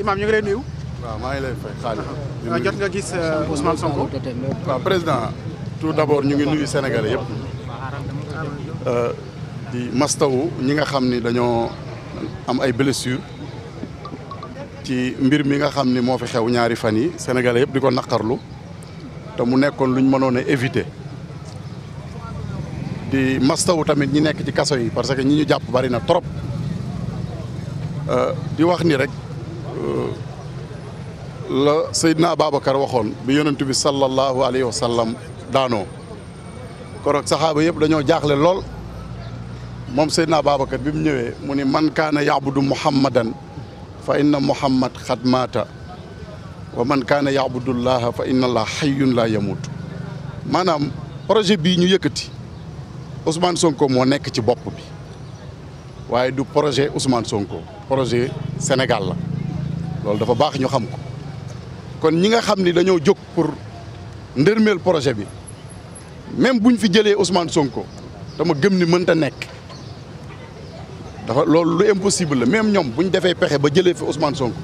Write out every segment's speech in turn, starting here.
Imaam ñu ngi lay nuyu. waaw maa ngi lay fay xaalis. Ah, jot nga gis euh, Ousmane Sonko. waaw président tout d'abord ñu ngi nuyu Sénégalais yëpp. Euh, di mastawu ñi nga xam ni dañoo am ay blessures ci mbir mi nga xam ni moo fi xew ñaari fan yi Sénégalais yëpp di ko naqarlu te mu nekkoon luñ mënoon a éviter. di mastawu tamit ñi nekk ci kaso yi parce que ñi ñu jàpp bari na trop euh, di wax ni rek. la Seydina Ababacar waxoon bi yonent bi sallallahu alayhi wa sallam daanoo koroog saxaaba yëpp dañoo jaaxle lool moom naa Ababacar bi mu ñëwee mu ni man kaana yaabudu muhammadan fa inna muhammad xad maata wa man kaana yaabudullaha fa inna allah xayyun laa yamuut maanaam projet bii ñu yëkkati Ousmane Sonko moo nekk ci bopp bi waaye du projet Ousmane Sonko projet Sénégal la loolu dafa baax ñu xam ko kon ñi nga xam ni dañoo jóg pour ndërmeel projet bi même buñ fi jëlee Ousmane Sonko dama gëm ni mënta nekk dafa loolu lu impossible la même ñoom buñ defee pexe ba jëlee fi Ousmane Sonko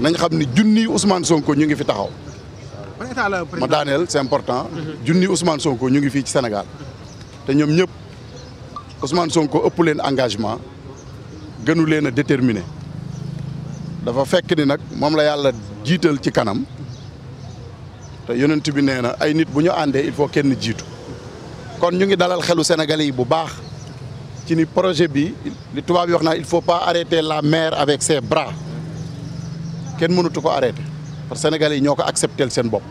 nañ xam ni junniy Ousmane Sonko ñu ngi fi taxaw. ma daaneel c'est important. junniy Ousmane Sonko ñu ngi fii ci Sénégal te ñoom ñëpp Ousmane Sonko ëpp leen engagement gënu leen a déterminé dafa fekk ni nag moom la yàlla. jiital ci kanam te yonent bi nee na ay nit bu ñu àndee il faut kenn jiitu kon ñu ngi dalal xelu Sénégalais yi bu baax ci ni projet bi li tubaab yi wax naa il faut pas arrêter la mer avec ses bras kenn mënatu ko arrêter parce que Sénégalais yi ñoo ko accepter seen bopp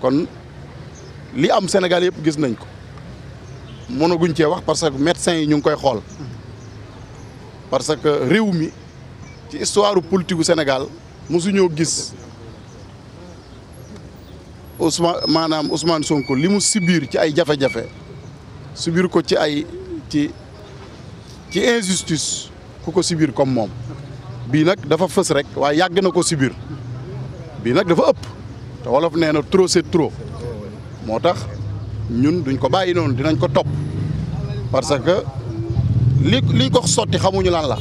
kon li am Sénégal yëpp gis nañ ko mënaguñ cee wax parce que médecins yi ñu ngi koy xool parce que réew mi ci histoire politique gu Sénégal mosuñoo gis Ousmane maanaam Ousmane Sonko li mu subir ci ay jafe-jafe subir ko ci ay ci ci injustice ku ko subir comme moom bii nag dafa fës rek waaye yàgg na ko subir bii nag dafa ëpp te wolof nee na trop c'est trop moo tax ñun duñ ko bàyyi noonu dinañ ko topp parce que li liñ ko sotti xamuñu lan la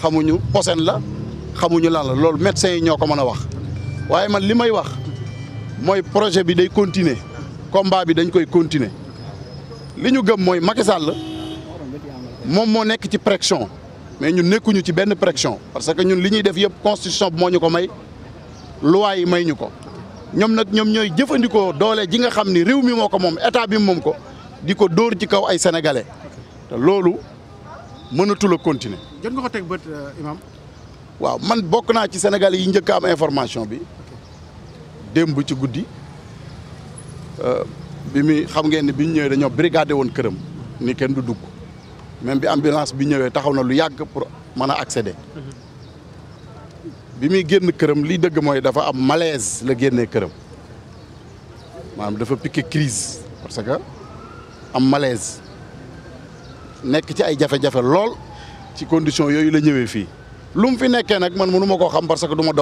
xamuñu posen la xamuñu lan la loolu médecins yi ñoo ko mën a wax waaye man li may wax mooy projet bi day continuer combat bi dañ koy continuer li ñu gëm mooy Macky Sall moom moo nekk ci pression mais ñu nekkuñu ci benn pression parce que ñun li ñuy def yëpp constitution bu moo ñu ko may loi yi may ñu ko ñoom nag ñoom ñooy jëfandikoo doole ji nga xam ni réew mi moo ko moom état bi moom ko di ko dóor ci kaw ay sénégalais te loolu mënatul a continuer. jot nga teg bët euh, imam waaw man bokk naa ci Sénégal yi njëkk am information bi démb ci guddi euh, bi muy xam ngeen ne bi ñëwee dañoo brigadé woon këram ni kenn du dugg même bi ambulance bi ñëwee taxaw na lu yàgg pour mën a accéder bi muy génn këram lii dëgg mooy dafa am malaise la génnee këram maanaam dafa piqué crise parce que am malaise nekk ci ay jafe-jafe lool ci condition yooyu la ñëwee fii lu mu fi nekkee nag man mënuma ma koo xam parce que du ma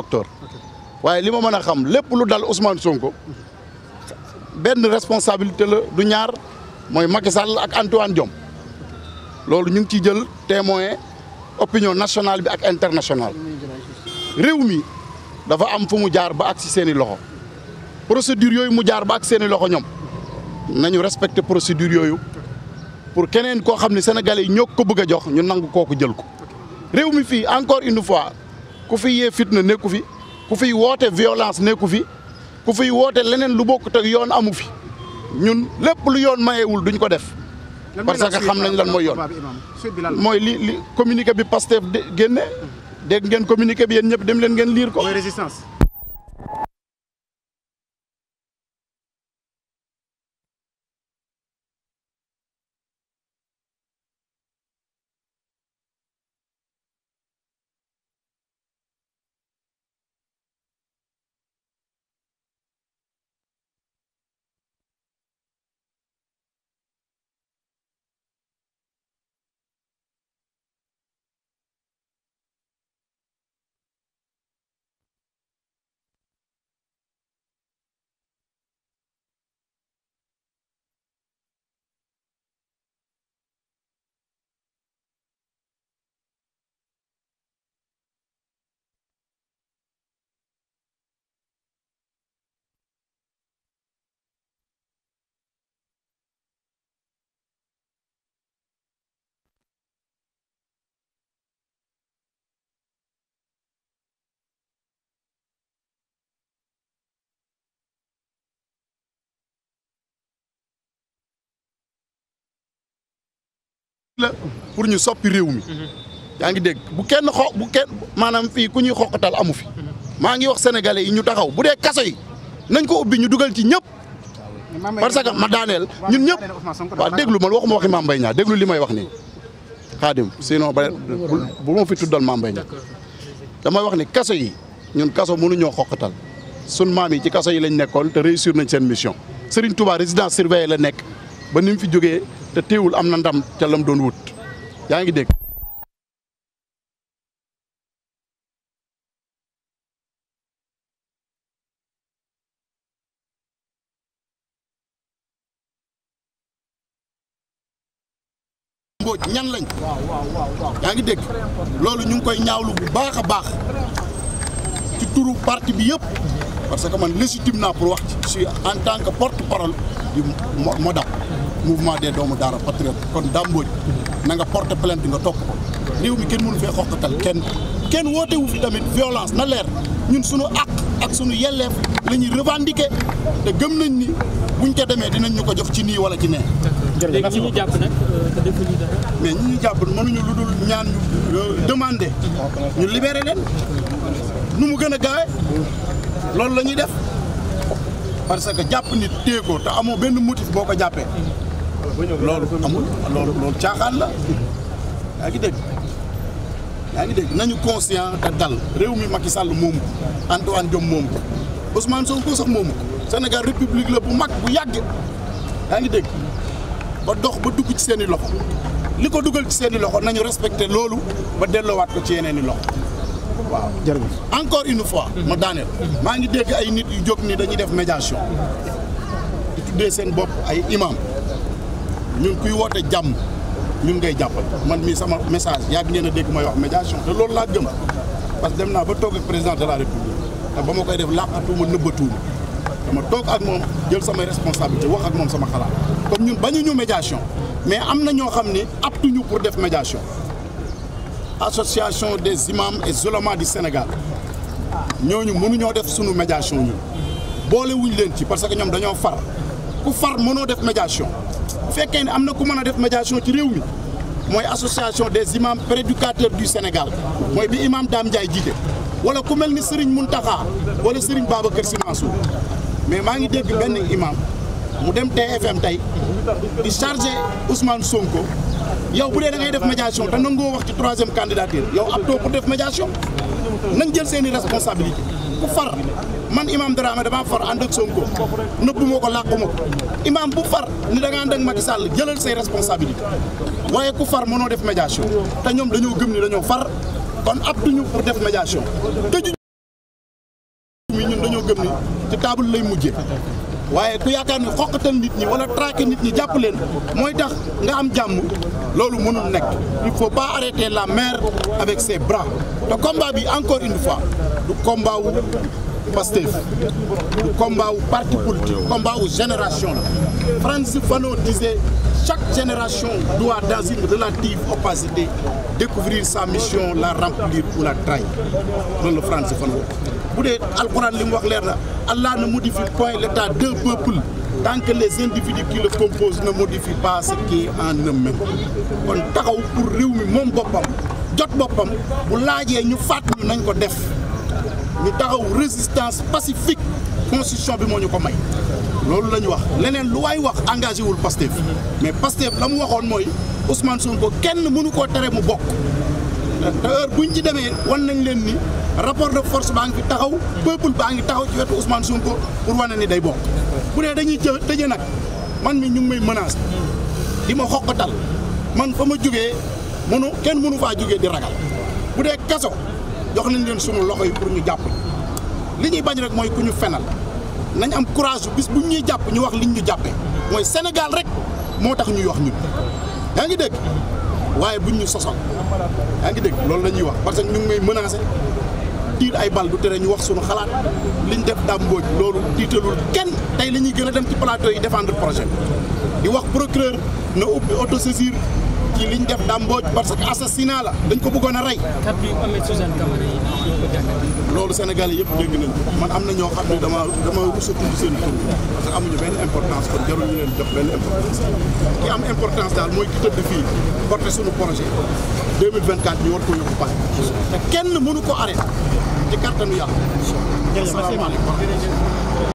waaye li ma mën a xam lépp lu dal Ousmane Sonko benn responsabilité la du ñaar mooy Macky Sall ak Antoine jom loolu ñu ngi ciy jël témoin opinion nationale bi ak internationale réew mi dafa am fu mu jaar ba ak si seen loxo procédure yooyu mu jaar ba ak seen i loxo ñoom nañu respecter procédure yooyu pour keneen koo xam ne sénégalais yi ñoo ko bëgg a jox ñu nangu kooku jël ko. réew mi fii encore une fois ku fi yee fitna nekku fi ku fiy woote violence nekku fi ku fiy woote leneen lu bokkut ak yoon amu fi ñun lépp lu yoon mayewul duñ ko def parce que xam nañ lan mooy yoon mooy li li communiqué bi Pastef génne dégg ngeen communiqué bi yen ñëpp dem leen ngeen lire ko résistance la pour ñu soppi réew mi. Mhm. yaa ngi dégg bu kenn xo bu kenn maanaam fii ku ñuy xoqatal amu fi. Mhm. maa ngi wax sénégalais yi ñu taxaw bu dee kaso yi nañ ko ubbi ñu dugal ci ñëpp. parce que ma daaneel ñun ñëpp waaw déglu ma waxuma waxi Mame Mbaye Niang déglu li may wax nii xaadim sinon ba bu ma fi tuddal Mame Mbaye Niang damay wax ni kaso yi ñun kaso mënuñoo xoqatal sun maam yi ci kaso yi lañ nekkool te réussir nañ seen mission Serigne Touba résidence surveillée la nekk ba ni te téewul am na ndam ca lam doon wut yaa ngi dégg. mbooj ñan lañ yaa ngi dégg loolu ñu ngi koy ñaawlu bu baax a baax ci turu parti bi yëpp parce que man légitime naa pour wax ci en tant que porte parole du mouvement des doomu daara patriote kon dàmbooj na nga porter plainte nga topp ko réew mi kenn mënu fee xoqatal kenn kenn woote wu tamit violence na leer ñun suñu àq ak suñu yelleef lañuy ñuy revendiquer te gëm nañ ni buñ ca demee dinañ ñu ko jox ci nii wala ci nee. léegi ñi ñu jàpp nag euh, te defuñu mais ñi ñu jàpp mënuñu lu dul ñaan ñu euh, demander ñu libéré leen nu mu gën a gaawee loolu la ñuy def parce que jàpp ni téye te amoo benn motif boo ko jàppee. loolu amul loolu loolu caaxaan la yaa ngi dégg yaa ngi dégg nañu conscient te dal réew mi mag Sall moomu ko Antoine Diome moomu ko Ousmane Sonko sax moomu ko Sénégal république la bu mag bu yàgg yaa ngi dégg ba dox ba dugg ci seeni loxo li ko dugal ci seen i loxo nañu respecté loolu ba delloowaat ko ci yeneen i loxo waaw jërëjëf encore une fois ma daaneel maa ngi dégg ay nit yu jóg ni dañuy def médiation di tuddee seen bopp ay imam ñun kuy woote jàmm ñun ngay jàppal man mii sama message yàgg ngeen a dégg may wax médiation te loolu laa gëm parce que dem naa ba toog ak président de la république te ba ma koy def làqatuuma nëbbatuuma dama toog ak moom jël samay responsabilité wax ak moom sama xalaat comme ñun bañu ñu médiation mais am na ñoo xam ne aptuñu pour def médiation association des imams et oulémas di Sénégal ñooñu mënuñoo def sunu médiation ñun boolewuñ leen ci parce que ñoom dañoo far ku far mënoo def médiation bu fekkee ne am na ku mën a def médiation ci réew mi mooy association des imams prédicateurs du Sénégal mooy bi imam Dame Ndiaye jiite wala ku mel ni mun Mountakha wala Serigne Babacar Sy Mansour mais maa ngi dégg benn imam mu dem TFM tey di chargé Ousmane Sonko yaw bu dee da def médiation te nangoo wax ci troisième candidature yow ab too pour def médiation nañ jël seen i responsabilité ku far man imam Dramé damaa far ànd ak Sonko nëbbu ma ko làqu ma ko imam bu far ni da nga ànd ak Macky Sall jëlal say responsabilité waaye ku far mënoo def médiation te ñoom dañoo gëm ni dañoo far kon ñu pour def médiation tëju mi ñun dañoo gëm ni ci table lay mujjee waaye ku yaakaar ni xoqatal nit ñi wala traquer nit ñi jàpp leen mooy tax nga am jàmm loolu mënul nekk il faut pas arrêter la mer avec ses bras te combat bi encore une fois du combat Pastef du combat parti politique combat wu génération la Frantz chaque génération doit dans une relative opacité découvrir sa mission la remplir ou la trahir loolu la Frantz bu dee alxuraan li mu wax leer na Allah ne modifie point l'état d'un peuple tant que les individus qui le composent ne modifient pas ce qui est en eux-mêmes taxaw pour réew mi moom boppam jot boppam bu laajee ñu fàtt ñu nañ ko def ñu taxaw résistance pacifique constitution bi moo ñu ko may loolu la ñu wax leneen lu waay wax engagé wul Pastef mais Pastef la mu waxoon mooy Ousmane Sonko kenn mënu koo tere mu bokk te buñ ci demee wan nañ leen ni rapport de force baa ngi taxaw peuple baa ngi taxaw ci wetu Ousmane Sonko pour wane ni day bokk bu dee dañuy jë tëje nag man mi ñu may menace di ma dal man fa ma jógee mënu kenn mënu faa jógee di ragal bu dee keso jox nañ leen sunu loxo yi pour ñu jàpp li ñuy bañ rek mooy ku ñu fenal nañ am courage bis bu ñuy jàpp ñu wax liñ ñu jàppee mooy Sénégal rek moo tax ñuy wax ñun yaa ngi dégg waaye buñ ñu sosal yaa ngi dégg loolu la ñuy wax parce que ñu ngi may menacé tiit ay bal du tere ñu wax sunu xalaat liñ dem daam mbooj loolu tiitalul kenn tey li ñuy gën a dem ci plateau yi défendre projet di wax procureur na ubbi autosaisir ci liñ def Dame Mbodj parce que assassinat la dañ ko bëggoon a rey. kàddu yu amee Suzanne Camara loolu Sénégalais yëpp dégg nañ man am na ñoo xam ne dama dama rus a tudd seen tur parce que amuñu benn importance kon jarul ñu leen jox benn importance ki am importance daal mooy ki tëdd fii porté suñu projet 2024 ñu war ko yóbbu pare te kenn mënu ko arrêté ci kattanu yàlla. asalaamaaleykum